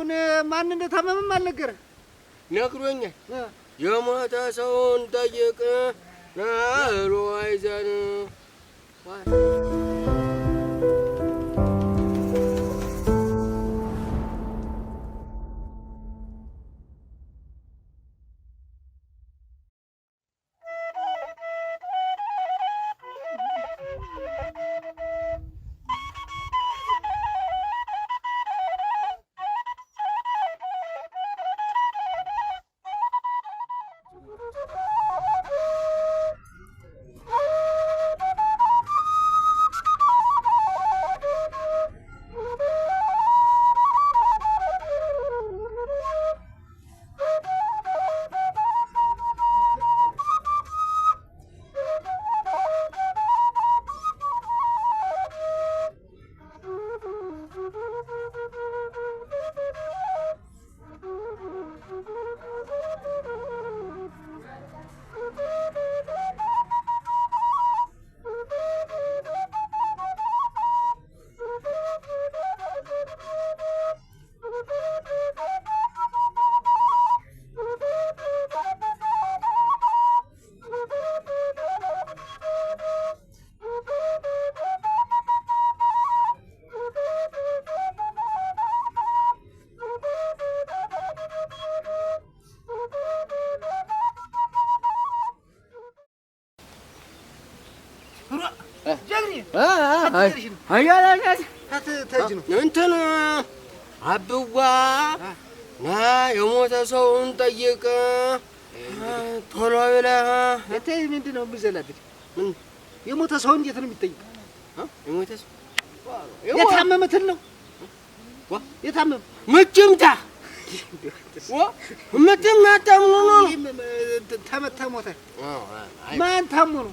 አሁን ማን እንደታመመም አልነገረ ነግሮኛል። የሞተ ሰውን ጠይቅ ናሩ አይዘን እንትን አብዋ ና የሞተ ሰውን ጠይቅ ቶሎ ብለህ ምንድን ነው የሞተ ሰው እንዴት ነው የሚጠይቅ? የታመመ ነው የታመመ ነው። ማን ታሞ ነው?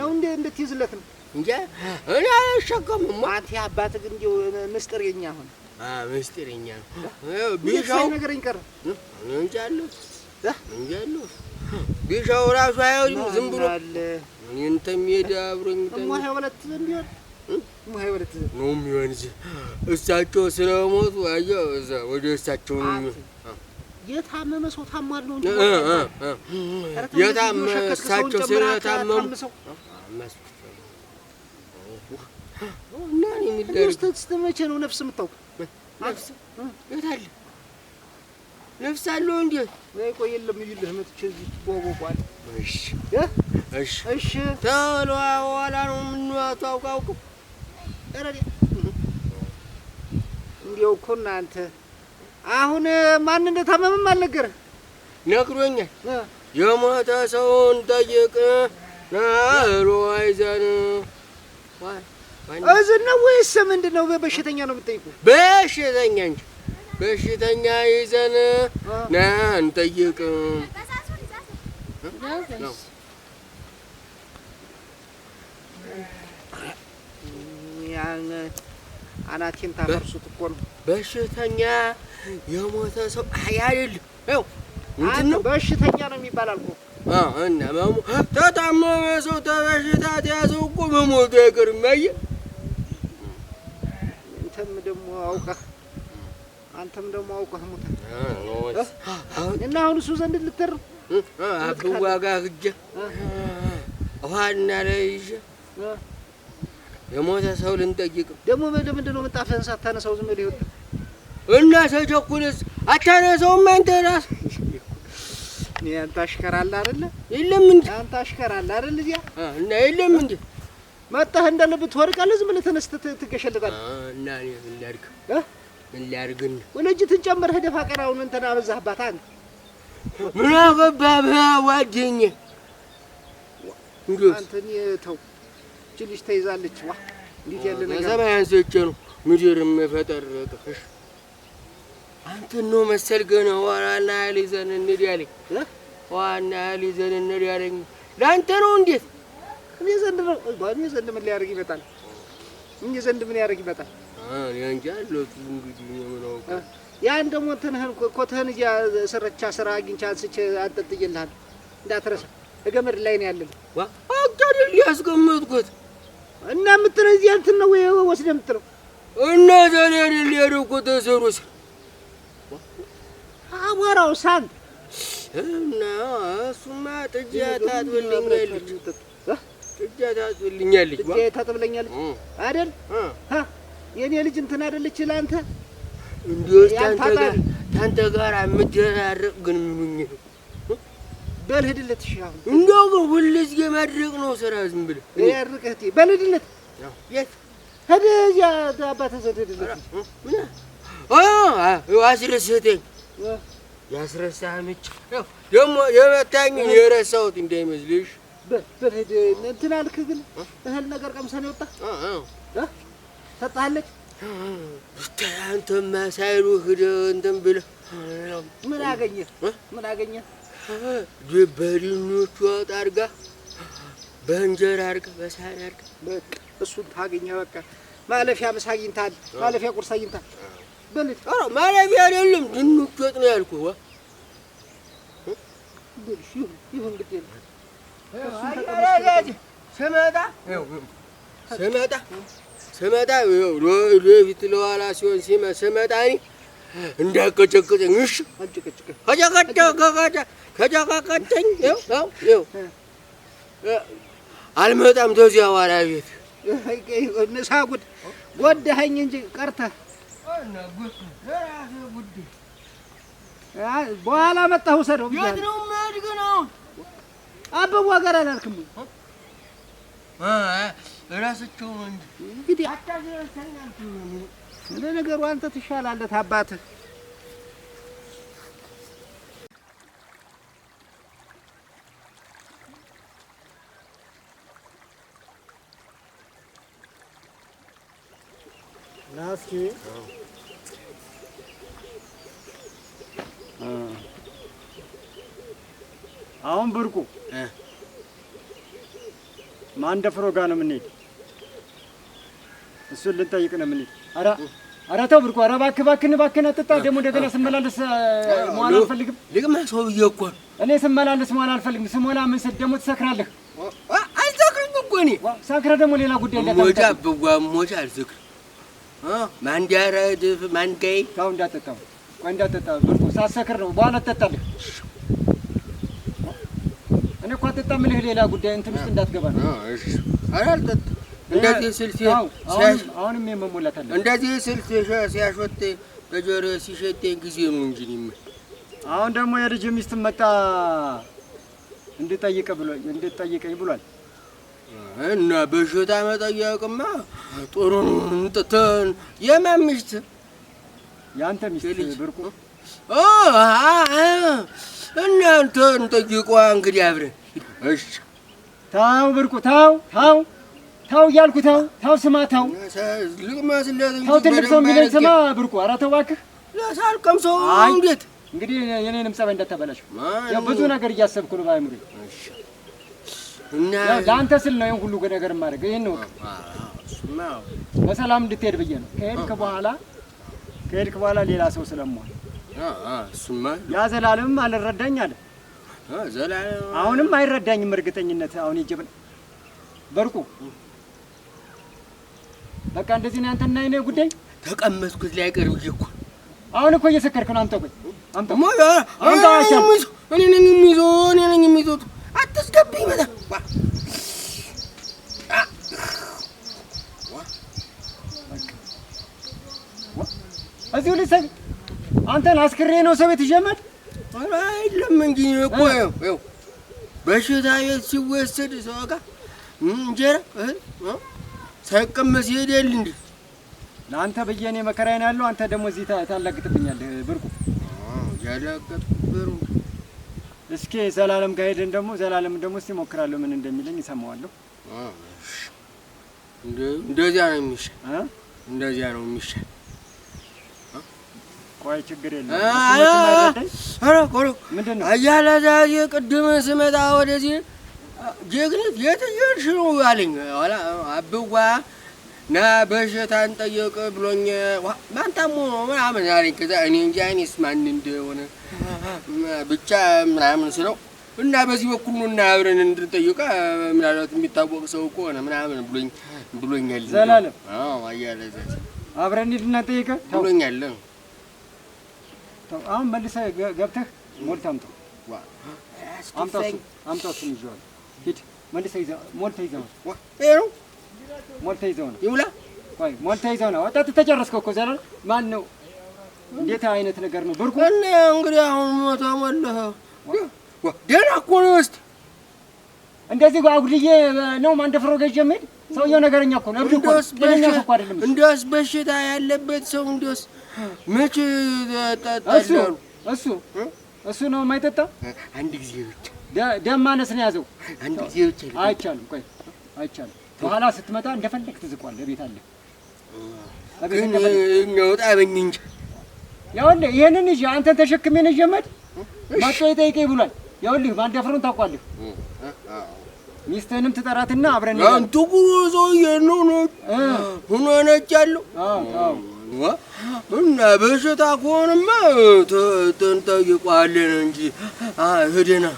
ነው እንዴ? እንድትይዝለት ነው እንጂ እኔ አልሸከምም። ማት አባት ግን እንዲሁ ሆነ። ቢሻው ነገር ቢሻው ራሱ ዝም ብሎ እንተም ሄደ እንዲሆን ነው የሚሆን እሳቸው ስለሞቱ ወደ እሳቸው ነው የታመመ ሰው ታሟል እንጂ የታመመ እሳቸው ስለታመሙ እስከ መቼ ነው ነፍስ የምታውቅ? የት አለ ነፍስ አለው እንዴ? ነይ ቆይ፣ የለም እዩልህ መጥቼ እዚህ ትጓጓጓለህ። እሺ እሺ እሺ፣ ተለዋዋላ ነው የምንዋጣው። አውቀው ኧረ እንዲያው እኮ እናንተ አሁን ማን እንደታመመም አልነገረ ነግሮኛል። የሞተ ሰውን ጠይቅ ናሩ አይዘን እዚህ ነው ወይስ ምንድን ነው? በሽተኛ ነው የምጠይቁ? በሽተኛ እንጂ በሽተኛ ይዘን ና እንጠይቅ። አናቴን ታፈርሱት እኮ ነው በሽተኛ የሞተ ሰው አይ አይደለም፣ በሽተኛ ነው የሚባል አልኩህ። አዎ እና ተታመመ ሰው ተበሽታ ተያዘው እኮ መሞቱ አይቀርም። አየህ አንተም ደግሞ አውቀህ አንተም ደግሞ አውቀህ ሙታ እና አሁን እሱ ዘንድ ልትተርፍ አብዋጋ ህጀ ውሃና ላይ ይዤ የሞተ ሰው ልንጠይቅ ደግሞ ለምንድን ነው ምጣፍህን ሳታነሳው ዝም ብለህ ይወጣል? እና ሰቸኩልስ አታረሰውም? አንተ እራስህ አንተ አሽከራ አለ አይደለ? የለም እንደ አንተ አሽከራ አለ አይደል? እዚያ እና የለም እንደ መጣህ እንደ ልብ ዝም ብለህ ተነስተህ እና እኔ ምን ላድርግ እ ምን ላድርግ ወለጅ ትጨምረህ ደፋ ቀራውን እንትን አበዛህባት። አንተ ምን አገባህ ጓደኛ? አንተ እኔ ተው እቺ ልጅ ተይዛለች። ዋ እንዴት ያለ ነገር ሰማይ አንስቼ ነው ምድር አንተ ነው መሰል ገና ዋና ያህል ይዘን እንሂድ ያለኝ ዋና ያህል ይዘን እንሂድ ያለኝ ለአንተ ነው። እንዴት እኔ ዘንድ ነው እኔ ዘንድ ምን ሊያደርግ ይመጣል? እኔ ዘንድ ምን ያደርግ ይመጣል? እኔ እንጃ አለሁት እንግዲህ ምን አውቀው። ያን ደግሞ እንትንህን ኮትህን እያሰረቻ ስራ አግኝቼ አንስቼ አንጠልጥዬልሃለሁ እንዳትረሳ። እገመድ ላይ ነው ያለን ዋ አጋደል ያስቀመጥኩት እና የምትለው እዚህ እንትን ነው ወስደህ የምትለው እና ታዲያ አይደል ያደረኩት ተሰሩስ ወረወረው ሳንት እና እሱማ ጥጃ ታጥብልኛለች፣ ጥጃ ታጥብልኛለች፣ ጥጃ ታጥብልኛለች አይደል? የእኔ ልጅ እንትን አይደለች ለአንተ እንዲህ ታንተ ጋር የምደራርቅ ግን ምኑኝ ነው? በል ሂድለት። እሺ አሁን እንደው ሁልጊዜ ነው ስራ። ዝም ብለህ ያርቅህ። እቴ በል ሂድለት። የት ሂድ? እዚያ አባትህ ዘንድ ሂድለት። ምን አዎ፣ ያስረሳህምች ደግሞ የመታኝ የረሳሁት እንዳይመስልሽ። በሄድ እንትን አልክ ግን እህል ነገር ቀምሰን የወጣ ሰጥሃለች። አንተማ ሳይሉህ እንትን ብለህ ምን አገኘህ? ምን አገኘህ? በድኞቹ ወጥ አድርጋ በእንጀራ አድርጋ በሳህን አድርጋ እሱን ታገኘህ። በቃ ማለፊያ ምሳ አግኝተሃል፣ ማለፊያ ቁርስ አግኝተሃል። ኧረ ማለፊያ አይደለም ድንች ወጥ ነው ያልኩህ። ስመጣ ስመጣ ወደፊት ለኋላ ሲሆን ስመጣ እኔ እሺ። ከጨቀጨኝ አልመጣም። ተዚያ ዋላ ቤት ሳጉድ ጎዳኸኝ እንጂ ቀርተህ በኋላ መጣሁ ውሰደው ብያለሁ። ነው የምሄድ ግን አሁን አበቧ ጋር አላልክም? እራሳቸው እንግዲህ ለነገሩ አንተ ትሻላለህ አባትህ ናስኪ አሁን ብርቁ ማን ደፍሮ ጋር ነው የምንሄድ? እሱን ልንጠይቅ ነው የምንሄድ። ኧረ ኧረ ተው ብርቁ፣ ኧረ እባክህ እባክህን እባክህን አትጣ። ደግሞ እንደገና ስመላለስ መዋል አልፈልግም። ልቅማ ሰውዬ እኮ እኔ ስመላለስ መዋል አልፈልግም። ስሞላ ምን ስል ደግሞ ትሰክራለህ። አልሰክርም እኮ እኔ ሰክረ ደግሞ ሌላ ጉዳይ እንዳታሞጫ ብዋ ሞጫ አልሰክርም። ማንዲያረድፍ ማንጋይ ታው እንዳትጠጣው፣ ቆይ እንዳትጠጣው ብርቁ፣ ሳትሰክር ነው በኋላ ትጠጣለህ። አልጠጣም እልህ ሌላ ጉዳይ እንትን ውስጥ እንዳትገባ ነው። አልጠጣም እንደዚህ ስል አሁንም መሞላት አለ እንደዚህ ስል ሲያሾት በጆሮ ሲሸጠኝ ጊዜ ነው እንጂ አሁን ደግሞ የልጅ ሚስት መጣ እንድጠይቅ ብሎ እንድጠይቀኝ ብሏል። እና በሽታ መጠየቅማ ጥሩ እንጥተን የማን ሚስት? ያንተ ሚስት ብርቁ እናንተ እንጠይቋ እንግዲህ አብረን እሺ ታው ብርቁ ታው ታው ታው እያልኩ ታው ታው ስማ ታው ታው ትልቅ ሰው የሚለኝ ስማ ብርቁ። ኧረ ተው እባክህ ሳልቀም ሰው እንዴት እንግዲህ የኔንም ጸባይ እንዳታበላሽ ብዙ ነገር እያሰብኩ ነው ባይሙሪ እና ለአንተ ስል ነው ይህን ሁሉ ነገር ማድረግ ይሄን ነው በሰላም እንድትሄድ ብዬ ነው። ከሄድክ በኋላ ከሄድክ በኋላ ሌላ ሰው ስለመሆን ያ ዘላለምም አልረዳኝ አለ አሁንም አይረዳኝም። እርግጠኝነት አሁን ይጀብን በርቁ በቃ እንደዚህ ነው። አንተና አይነ ጉዳይ ተቀመስኩ እዚህ ላይ ቀርብ እኮ አሁን እኮ እየሰከርክ ነው። አምጣ ቆይ አምጣ ሞያ አምጣ አቻም እኔ ነኝ የሚይዘው እኔ ነኝ የሚይዘው አትስገብኝ። በጣም እዚሁ ልሰብ አንተን አስክሬ ነው ሰው ቤት ይጀምራል። አይደለም እንጂ እኮ ይኸው በሽታ ቤት ሲወሰድ ሰው ጋር እንጀራ እህል ሰቅም ሲሄድ የለ እንደ ለአንተ ብዬ እኔ መከራዬን ያለው አንተ ደግሞ እዚህ ታላግጥብኛለህ። ብርቁ ያላገጥብሩ እስኪ ዘላለም ጋር ሄደን ደግሞ ዘላለም ደግሞ እስኪ እሞክራለሁ ምን እንደሚለኝ እሰማዋለሁ። እንደዚያ ነው የሚሻል፣ እንደዚያ ነው የሚሻል። ቆይ ችግር የለም። አያላዛዜ ቅድም ስመጣ ወደዚህ ጀግኒት የት እየሄድሽ ነው አለኝ። አብዋ ና በሽታን ጠየቅ ብሎኝ ማን ታሞ ምናምን አለኝ። ከዛ እኔ እኔስ ማን እንደሆነ ብቻ ምናምን ስለው እና በዚህ በኩል ነው እና አብረን እንድንጠይቀ ምናልባት የሚታወቅ ሰው ከሆነ ምናምን ብሎኝ ብሎኛል። ዘላለም አዎ፣ አያለ አብረን እንድንጠይቀ ብሎኛል። አሁን መልሰህ ገብተህ ሞልተህ አምጣው። አምጣው እሱን ሂድ መልሰህ ይዘው ሞልተህ ይዘህ ነው ሞልተህ ነው ይውላ ቆይ ሞልተህ ይዘው ነው ወጣት ተጨረስከው እኮ ማን ነው? እንዴት አይነት ነገር ነው ብርቁ? እንግዲህ አሁን ደህና እኮ ነው እንደዚህ አጉድዬ ነው ማንደፍሮ ገዥ የምሄድ ሰውየው ነገረኛ እኮ ነው። እንዲያውስ በሽታ አይደለም። እንዲያውስ በሽታ ያለበት ሰው እንዲያውስ መቼ እሱ እሱ እሱ ነው የማይጠጣ አንድ ጊዜ ብቻ ደም ማነስ ነው ያዘው። አንድ ጊዜ ብቻ አይቻልም። ቆይ አይቻልም። በኋላ ስትመጣ እንደፈለግ ትዝቋል። ቤት አለ ግን የሚያወጣ በኝ እንጂ ይኸውልህ፣ ይሄንን ይዤ አንተን ተሸክሜ ነው የምሄድ። መጥቶ ይጠይቀኝ ብሏል። ይኸውልህ ማንደፍሮን ታውቋለህ ሚስትህንም ትጠራትና አብረን አንቱ ጉዞ ነው ነው ሁኖ ነጭ ያለው እና በሽታ ከሆንማ ትንጠይቋለን እንጂ ህድና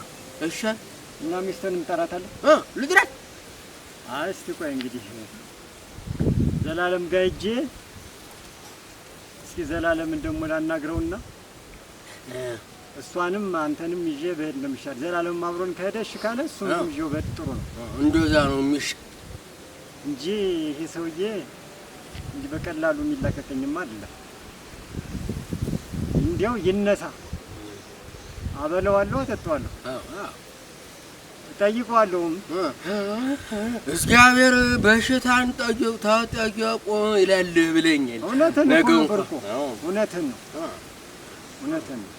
እሻል እና ሚስትህንም ጠራታለህ ልጥራት። እስቲ ቆይ እንግዲህ ዘላለም ጋር ሂጅ። እስኪ ዘላለምን ደግሞ ላናግረውና እሷንም አንተንም ይዤ ብሄድ እንደሚሻል ዘላለም አብሮን ከሄደ እሺ ካለ እሱንም ይዤው ብሄድ ጥሩ ነው። እንደዛ ነው የሚሻል እንጂ ይሄ ሰውዬ እንዲህ በቀላሉ የሚላቀቀኝም አይደለም። እንዲያው ይነሳ አበለዋለሁ፣ አጠጣዋለሁ፣ እጠይቀዋለሁም። እግዚአብሔር በሽታን ተጠየቁ ይላል ብለኛል። እውነትን ነው፣ እውነትን ነው፣ እውነትን ነው።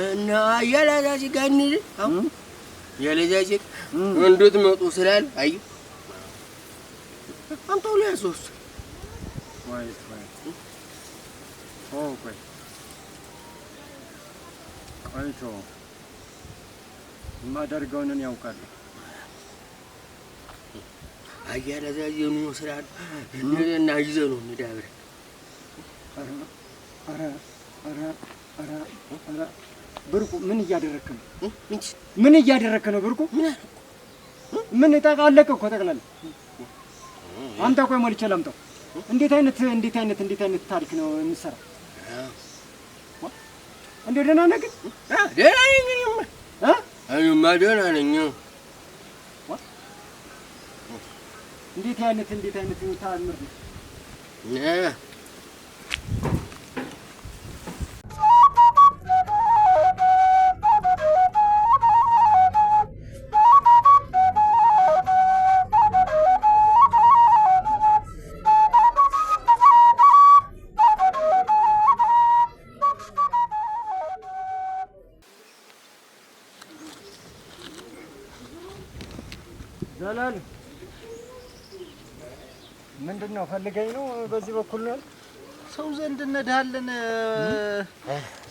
እና አያላዛች ጋር እንሂድ። አሁን ያለዛች እንዴት መጡ ስላል አይ አንተው ላይ ሶስት ቆይቶ የማደርገውን እኔ ያውቃለሁ። አያላዛች ነው ስላል እና ይዘህ ነው እንሂድ አብረን ብርቁ ምን እያደረክ ነው? ምን እያደረክ ነው? ብርቁ ምን አለቀ እኮ ጠቅላላ። አምጣ፣ ቆይ ሞልቼ ላምጣው። እንዴት አይነት እንዴት አይነት እንዴት አይነት ታሪክ ነው የምትሰራው? እንደው ደህና ነህ ግን? ደህና ነኝ ግን ይማ ደህና ነኝ። እንዴት አይነት እንዴት አይነት ታምር ነው ፈልገኝ ነው። በዚህ በኩል ነው ሰው ዘንድ እንሄዳለን፣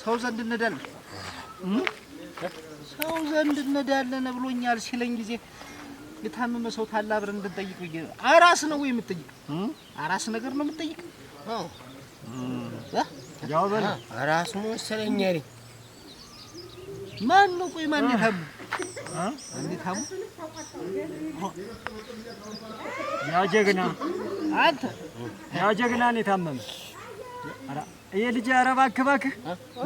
ሰው ዘንድ እንሄዳለን፣ ሰው ዘንድ እንሄዳለን ብሎኛል ሲለኝ ጊዜ የታመመ ሰው ታላ አብረን እንድንጠይቅ ብዬ አራስ ነው ወይ የምትጠይቅ አራስ ነገር ነው የምትጠይቅ። አዎ ያው በል አራስ መሰለኝ አለኝ። ማን ነው ቆይ ማን የታሙ ማን የታሙ ያ ጀግና አንተ ያው ጀግና ነው የታመመ። ይሄ ልጅ ኧረ እባክህ እባክህ፣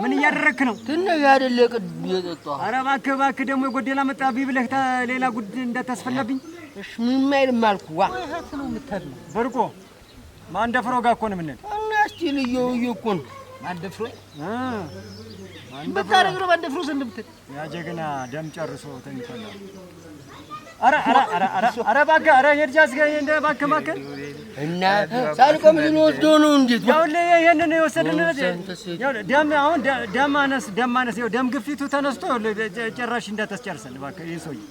ምን እያደረግክ ነው? ትንሽ አይደለ የጠጣሁ። ኧረ እባክህ እባክህ፣ ደግሞ የጎደላ መጣብኝ ብለህ ሌላ ጉድ እንዳታስፈላብኝ። እሺ ምን አይልም አልኩህ። ዋ እህት ነው የምታድነው። በርቆ ማንደፍሮ ጋር እኮ ነው የምንሄድ። እና እስኪ ልየው እየው እኮ ነው ማንደፍሮ እ ብታደርግ ነው ማንደፍሮ ዘንድ ያ ጀግና ደም ጨርሶ ተኝቷል። ኧረ እና ሳልቆም ዝም ወስዶ ነው እንዴት? ይኸውልህ ይሄንን የወሰድን ደም አሁን ደም አነስ ደም አነስ ይኸው ደም ግፊቱ ተነስቶ ጭራሽ እንዳታስጨርሰን እባክህ ይሄን ሰውዬ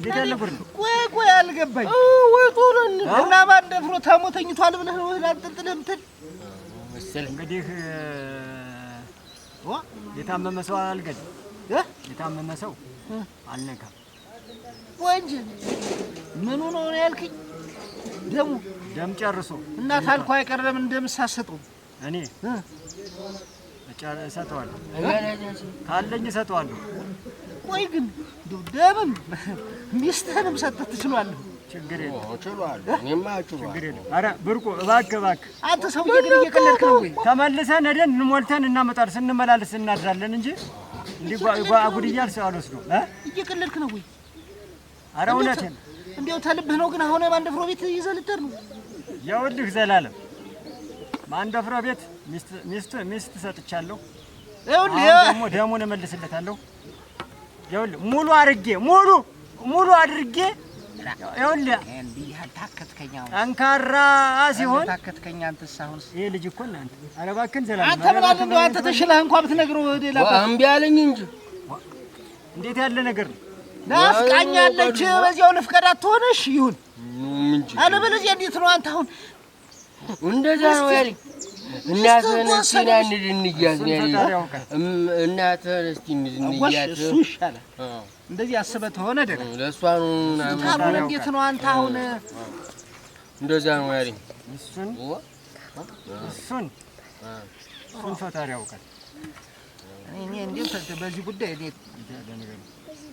እንዴት ነው። ቆይ ቆይ አልገባኝ ወይ ጦርን እና ማን ደፍሮ ታሞ ተኝቷል ብለህ ነው ላንጥልጥልህ የምትል መሰለህ እንግዲህ የታመመ ሰው አልገድም የታመመ ሰው አልነካም ወንጅ ምኑ ነው ነው ያልክኝ? ደሙ ደም ጨርሶ እና ታልኩ አይቀርም እንደምሳሰጠው እኔ እሰጠዋለሁ ካለኝ እሰጠዋለሁ። ቆይ ግን እንደው ደምም ሚስትህንም ሰጥተህ ትችላለህ። ችግር የለም። ኧረ ብርቁ እባክህ እባክህ፣ አንተ ሰውዬ ግን እየቀለድክ ነው። ተመልሰን ሄደን እንሞልተን እናመጣለን። ስንመላለስ እናድራለን እንጂ እንዲህ ጉድያ አልወስደውም። እየቀለድክ ነው ወይ? ኧረ እውነትህን እንዲያው ተልብህ ነው። ግን አሁን ማንደፍሮ ቤት ይዘህ ልትሄድ ነው? ይኸውልህ ዘላለም ማንደፍሮ ቤት ሚስት ሚስት ሰጥቻለሁ። ይኸውልህ ደግሞ ደሙን እመልስለታለሁ። ይኸውልህ ሙሉ አድርጌ ሙሉ ሙሉ አድርጌ ይኸውልህ ጠንካራ ሲሆን ይሄ ልጅ እኮ እናንተ ኧረ እባክህን ዘላለም አንተ ምን አለ አንተ ተሽለህ እንኳን ብትነግረው እምቢ አለኝ እንጂ እንዴት ያለ ነገር ነው ናፍቃኛለች። በዚያው ልፍቀድ አትሆነሽ ይሁን አለበለዚያ እንዴት ነው አንተ? አሁን እንደዛ ነው ያለኝ። እናትህን እስኪ ና እንሂድ እንያዝ ነው ያለኝ። እናትህን እስኪ እንሂድ እንያዝ እሱ ይሻላል። እንደዚህ አስበህ ተሆነ ደህና ለእሷ ነው ምናምን። እንዴት ነው አንተ? አሁን እንደዛ ነው ያለኝ። እሱን እሱን እሱን ፈጣሪ ያውቃል። እኔ እንዴት በዚህ ጉዳይ እኔ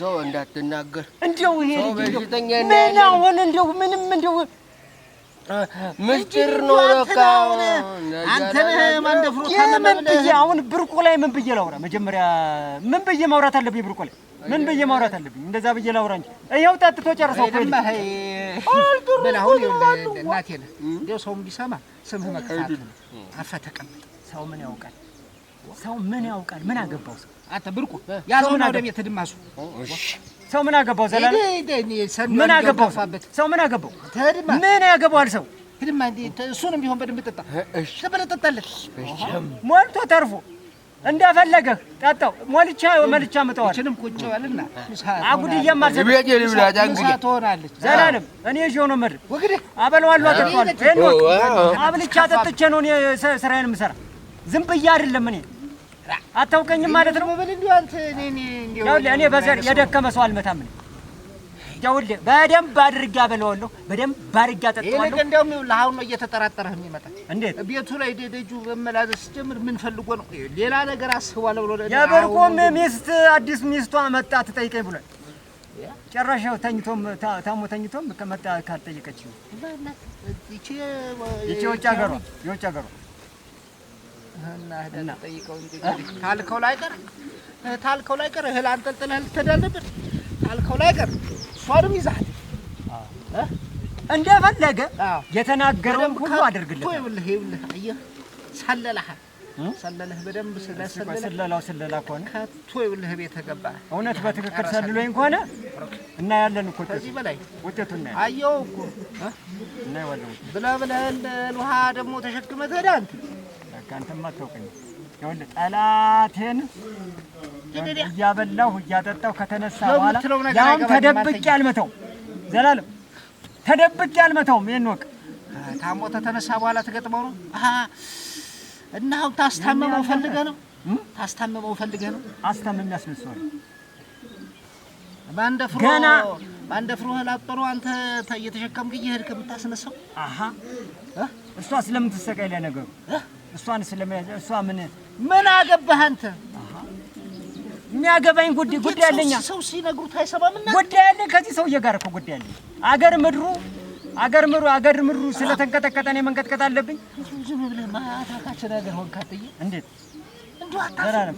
ሰው እንዳትናገር እንደው ይሄ በሽተኛ ምን አሁን እንደው ምንም እንደው ምስጢር ነው ለካ አንተ ምን ብዬ አሁን ብርቁ ላይ ምን ብዬ ላውራ? መጀመሪያ ምን ብዬ ማውራት አለብኝ? ብርቁ ላይ ምን ብዬ ማውራት አለብኝ? እንደዛ ብዬ ላውራ እንጂ ይኸው ጠጥቶ ጨርሰው እኮ እንደው ቢሰማ ስምህ አፈ ተቀመጥ ሰው ምን ያውቃል? ሰው ምን ያውቃል? ምን አገባው? ሰው አንተ ብርቁ ያዘው ነው ደም የተድማሱ ሰው ምን አገባው? ዘላለ ምን አገባው? ሰው ምን አገባው? ምን ያገባዋል? ሰው ህድማ እንዴ እሱንም ቢሆን በደንብ ጠጣ። እሺ ተበለ ጠጣለት። ሞልቶ ተርፎ እንደፈለገህ ጠጣው። ሞልቻ መልቻ መጣዋል። እችንም ቁጭ በልና አጉድዬም ማለት ቤቴ ልብላ ዳንጉ ትሆናለች። ዘላለም እኔ እዚህ ነው መድር ወግዴ አበለዋለሁ። አጠጣዋለሁ። አብልቻ ጠጥቼ ነው እኔ ስራዬን የምሰራ ዝም ብዬ አይደለም እኔ አታውቀኝም ማለት ነው። አንተ እኔ ያው ለኔ በዘር የደከመ ሰው አልመታም። ይኸውልህ በደንብ አድርጌ አበላዋለሁ፣ በደንብ አድርጌ አጠጣዋለሁ። እንደውም ይኸውልህ አሁን ነው እየተጠራጠረህ የሚመጣ። እንዴት ቤቱ ላይ ደደጁ በመላዘዝ ስጀምር ምን ፈልጎ ነው? ሌላ ነገር አስቧል ብሎ የብርቁም ሚስት አዲስ ሚስቷ መጣ ትጠይቀኝ ብሏል። ጨራሻው ተኝቶም ታሞ ተኝቶም ከመጣ ካልጠየቀች ይቺ የውጭ ሀገሯ የውጭ ሀገሯ ታልከው ላይ ቀር ታልከው ላይ ቀር እህል አንጠልጥለህ ልትሄድ አለብን። ታልከው እሷንም ይዘሃል እንደፈለገ የተናገረውን ሁሉ አድርግልህ። ይኸውልህ ይኸውልህ አየህ ሰለላሃል ሰለለህ በደንብ ስለሰለላው ስለላ ከሆነ ከቶ ይኸውልህ ቤት ገባ። እውነት በትክክል ሰልሎኝ ከሆነ እና ያለን እኮ ከዚህ በላይ ውጤቱ እና አየው እኮ እና ይወለው ብለህ ብለህ ውሃ ደግሞ ተሸክመህ ትሄዳለህ። አንተም አታውቀኝ። ይኸውልህ ጠላቴን እያበላሁ እያጠጣሁ ከተነሳ በኋላ ያውም ተደብቄ አልመተው ዘላለም ተደብቄ አልመተውም። ይህን ወቅ ታሞ ተተነሳ በኋላ ተገጥመው ነው እና አሁን ታስታመመው ፈልገህ ነው ታስታመመው ፈልገህ ነው አስታምም ያስነሳዋል ባንደፍሮ ባንደፍሮ ላጠሮ አንተ እየተሸከምክ እየሄድክ የምታስነሳው እሷ ስለምን ትሰቃይ ላይ እሷን ስለመያዘ እሷ ምን ምን አገባህ አንተ? የሚያገባኝ ጉዳይ ጉዳይ አለኝ። ሰው ሲነግሩት አይሰማም። እና ጉዳይ አለኝ ከዚህ ሰውዬ ጋር እኮ ጉዳይ አለኝ። አገር ምድሩ አገር ምድሩ አገር ምድሩ ስለተንቀጠቀጠ እኔ መንቀጥቀጥ አለብኝ። ዝም ብለህ አገር ሆንካትዬ እንዴት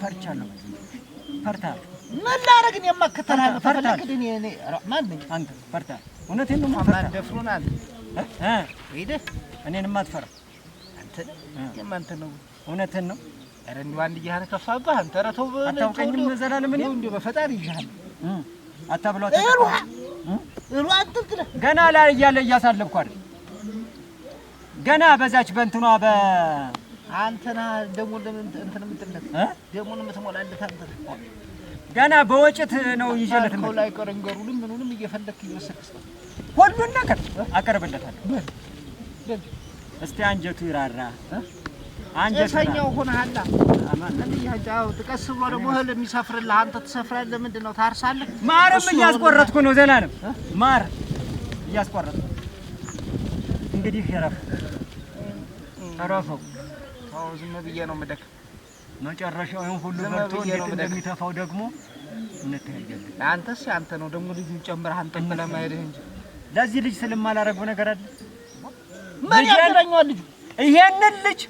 ፈርቻለሁ። ምን ላረግን? ነው ፈርታል። እኔ ማን ነኝ አንተ? ፈርታል እውነቴን ነው። ፈርታል ደፍሮናል። እህ እኔን ማትፈራ የምትል የማንተ ነው? እውነትን ነው። ኧረ አንድ አንተ። ኧረ ተው አታውቀኝም። እኔ በፈጣሪ አታብሏት። ገና ላይ እያለ እያሳለብኩ አይደል ገና በዛች በእንትኗ በ አንተና ደሞ ደግሞ እንትን የምትልለት ደሙን የምትሞላለት አንተ ነህ። ገና በወጭት ነው ይዤለት ላይ ቀረንገሩንም ምኑንም እየፈለክ እየወሰድክ ሁሉን ነገር አቀርብለታለሁ። እስቲ አንጀቱ ይራራ። ቄሰኛው ሆነሃል። ጥቀስ ብሎ ደግሞ እህል የሚሰፍርልህ አንተ ትሰፍራለህ። ምንድን ነው ታርሳለህ? ማርም እያስቆረጥኩ ነው። ዘላለም ማር እያስቆረጥኩ እንግዲህ ረፍ ረፈው ዝም ብዬ ነው የምደግ መጨረሻው ይሄን ሁሉ በልቶ እንዴት እንደሚተፋው ደግሞ እንተያያለን። አንተስ አንተ ነው ደግሞ ልጁን ጨምረህ አንተ ብለህ እንጂ ለዚህ ልጅ ስልም ነገር አለ ምን ያገረኛዋል ልጁ? ይሄንን ልጅ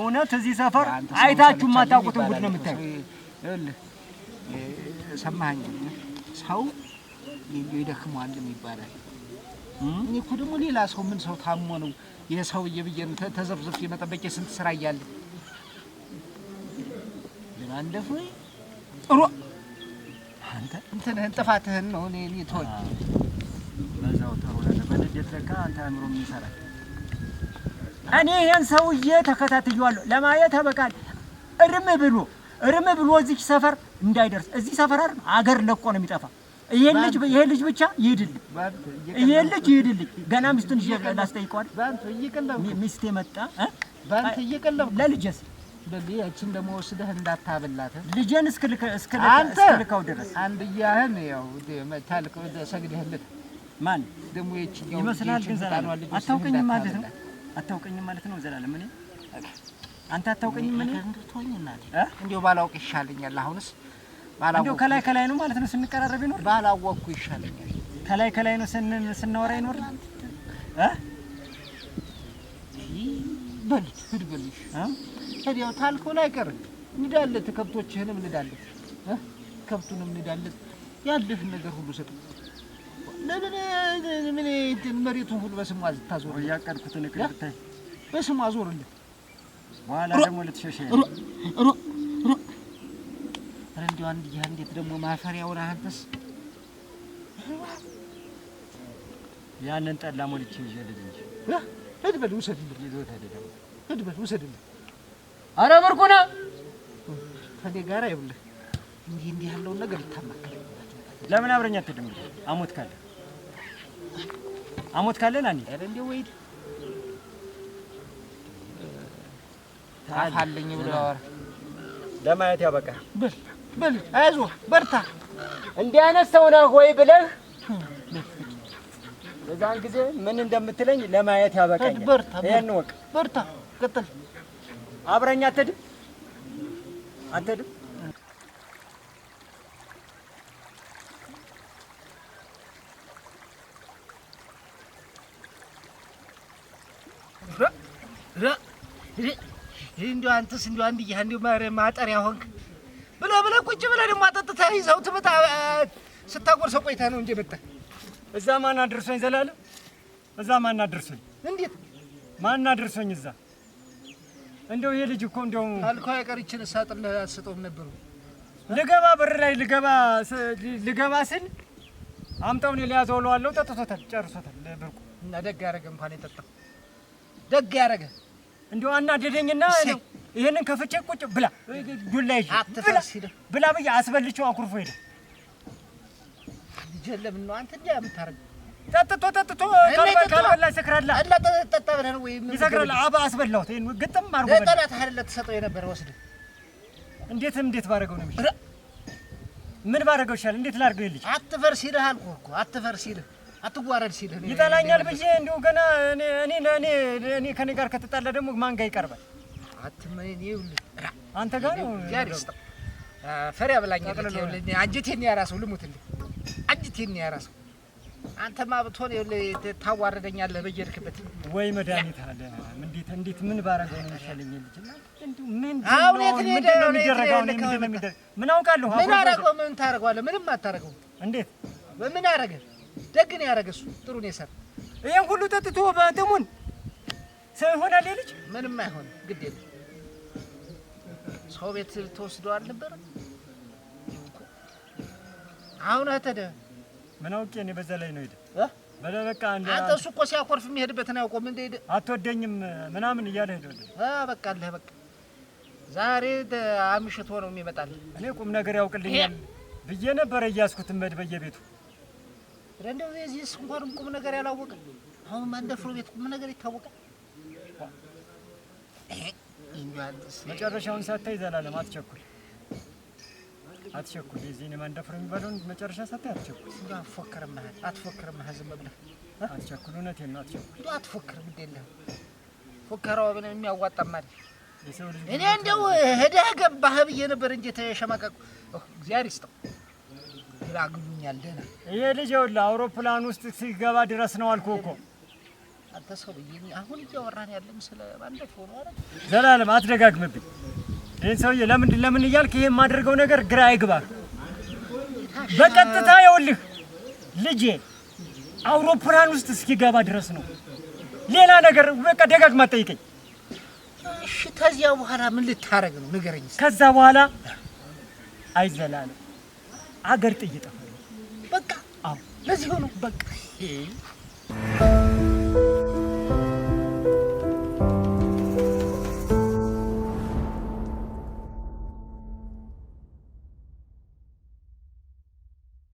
እውነት እዚህ ሰፈር አይታችሁ የማታውቁትን ጉድ ነው የምታዩት። ሰማኸኝ? ሰው ይደክመዋል ይባላል። እኔ እኮ ደግሞ ሌላ ሰው ምን ሰው ታሞ ነው የሰውዬ ብዬ ተዘፍዘፍ የመጠበቅ ስንት ስራ እያለ ምን አንደፍ ጥሩ አንተ እንትንህን ጥፋትህን ነው እኔ ተወኝ። በዛው ጥሩ ለበለጀት ለካ አንተ አእምሮ የሚሰራል እኔ ይህን ሰውዬ ተከታትያለሁ ለማየት በቃል እርም ብሎ እርም ብሎ እዚህ ሰፈር እንዳይደርስ እዚህ ሰፈር አይደል አገር ለቆ ነው የሚጠፋ። ይሄን ልጅ ይሄን ልጅ ብቻ ይሂድልኝ፣ ይሄን ልጅ ይሂድልኝ። ገና ሚስቱን ይዤ ላስጠይቀዋል። ሚስቴ መጣ ለልጄስ ያችን ደግሞ ወስደህ እንዳታብላት ልጄን እስክልከው ድረስ አንድ ያህን ያው ታልቀው ሰግደህለት ማን ደግሞ ይችኛው ይመስላል። ግን ዘላለም አታውቀኝም ማለት ነው አታውቀኝም ማለት ነው ዘላለም? እኔ አንተ አታውቀኝም እኔ እንድትሆኝ እናቴ እንዲያው ባላውቅ ይሻለኛል። አሁንስ እንዲያው ከላይ ከላይ ነው ማለት ነው ስንቀራረብ ይኖር ባላወቅኩ ይሻለኛል። ከላይ ከላይ ነው ስናወራ ይኖር እ በል ሂድ በልሽ እንዲያው ታልከው ላይ ቀር ንዳለት፣ ከብቶችህንም ንዳለት፣ ከብቱንም ንዳለት፣ ያለህን ነገር ሁሉ ሰጥ ለምን ምን መሬቱን ሁሉ በስሟ ታዞር? እያቀድኩትን እቅድ ብታይ በስሟ ዞርልኝ። በኋላ ደግሞ አንድ እንዴት ደግሞ ማፈሪያውን አንተስ ያንን ጠላ ሞልቼ ይዤልህ እንጂ ሂድ ውሰድልህ፣ ይዞት አይደለም ውሰድልህ። ጋር እንዲህ እንዲህ ያለውን ነገር ልታማክል ለምን አብረኛ ትድምል አሞት ካለ አሞት ካለን አንዴ አረ እንዴ ወይ ታፋልኝ ብለው ለማየት ያበቃ በል በል አይዞህ በርታ እንዲያነሰው ነህ ወይ ብለህ በዛን ጊዜ ምን እንደምትለኝ ለማየት ያበቃኝ። በርታ ይሄን ወቅ በርታ ቀጥል። አትሄድም አትሄድም እንዲሁ አንተስ እንዲሁ አንድ ይህ እንዲሁ ማጠሪያ ሆንክ ብለህ ብለህ ቁጭ ብለህ ደግሞ አጠጥተህ ይዘው ትመጣ ስታጎርሰው ቆይተህ ነው እንጂ መጣህ። እዛ ማን አደርሶኝ ዘላለም? እዛ ማን አደርሶኝ? እንዴት ማን አደርሶኝ? እዛ እንደው ይሄ ልጅ እኮ እንደው አልኮ አይቀር ይችን ሳጥን አስጠውም ነበር። ልገባ በር ላይ ልገባ ልገባ ስል አምጣውን ነው ሊያዘው ለዋለው ጠጥቶታል፣ ጨርሶታል። ለብርቁ እና ደግ ያደረገ እንኳን የጠጣው ደግ ያደረገ እንደው አናደደኝና ነው ይሄንን ከፍቼ ቁጭ ብላ ዱላ ይዤ ብላ ብዬ አስበልቼው አኩርፎ ሄደ። ጀለም ነው አንተ እንዲያ የምታረግ ጠጥቶ ጠጥቶ ካልበላ ይሰክራል። አላ ጠጣ ብለህ ነው ወይም ይሰክራል። አባ አስበላሁት። ይሄን ግጥም አድርጎ በላ ጠላት አይደለ ተሰጠው የነበረ ወስደ እንዴት እንዴት ባረገው ነው የሚሻለው? ምን ባረገው ይሻላል? እንዴት ላድርገው? ይልጅ አትፈርስ ይልህ አልኩህ እኮ አትፈርስ ይልህ አትዋረድ ሲልህ ይጠላኛል ብዬ እንዲሁ ገና እኔ እኔ ከኔ ጋር ከተጣላ ደግሞ ማን ጋር ይቀርባል? አትመኔ ይኸውልህ አንተ ጋር ነው ፈሪ አብላኛለት። ይኸውልህ አንጀቴን ያራሰው ልሙትልህ፣ አንጀቴን ያራሰው አንተ ማብቶን ይኸውልህ ታዋርደኛለህ በየሄድክበት። ወይ መድኃኒት አለ እንዴት እንዴት ምን ባረገው ነው የሚሻለኝ? ልጅ ምን አሁን የት ነው የሚደረገው? ምን አውቃለሁ። ምን አረገው? ምን ታረገዋለህ? ምንም አታረገው። እንዴት ምን አረገ? ደግን ያደረገ እሱ ጥሩ ነው የሰራ። ይሄን ሁሉ ጠጥቶ በጥሙን ሰው ይሆናል ልጅ? ምንም አይሆን ግድ የለም ሰው ቤት ተወስዶ አልነበረም። አሁን አተደ ምን አውቄ እኔ በዛ ላይ ነው ሄደ በለ በቃ አንድ አንተ እሱ እኮ ሲያኮርፍ ነው አያውቆም። እንደ ሄደ አትወደኝም ምናምን እያለ ሄደ ወደ በቃ አለ በቃ ዛሬ አምሽቶ ነው የሚመጣል። እኔ ቁም ነገር ያውቅልኛል ብዬ ነበረ እያስኩት መድ በየቤቱ እንደው የዚህስ እንኳንም ቁም ነገር ያላወቀ አሁን ማንደፍሮ ቤት ቁም ነገር ይታወቃል። መጨረሻውን ሳታይ ዘላለም አትቸኩል፣ አትቸኩል። የዚህን የማንደፍሮ የሚባለውን መጨረሻ ሳታይ አትቸኩል። እንደው አትፎክርም፣ አትፎክርም፣ ዝም ብለህ አትቸኩል። እውነቴን ነው፣ አትቸኩል፣ እንደው አትፎክርም። እንደለህ ፉከራው ብን የሚያዋጣም አይደል። እኔ እንደው ሄደህ ገባህ ብዬ ነበር እንጂ ተሸማቀቁ። እግዚአብሔር ይስጠው። ግራ ደህና ይሄ ልጅ ይኸውልህ አውሮፕላን ውስጥ ሲገባ ድረስ ነው አልኩህ እኮ አንተ ሰውዬ። አሁን እያወራን ያለን ስለ ባለፈው ነው አይደል? ዘላለም አትደጋግምብኝ። ይህን ሰውዬ ለምንድን ለምን እያልክ ይሄ የማደርገው ነገር ግራ አይግባህ። በቀጥታ ይኸውልህ ልጄ አውሮፕላን ውስጥ እስኪገባ ድረስ ነው። ሌላ ነገር በቃ ደጋግማ ጠይቀኝ። እሺ፣ ከዚያ በኋላ ምን ልታረግ ነው ንገረኝ። ከዛ በኋላ አይዘላለም አገር ጥይጠፋ በቃ አዎ፣ ለዚህ ሆኖ በቃ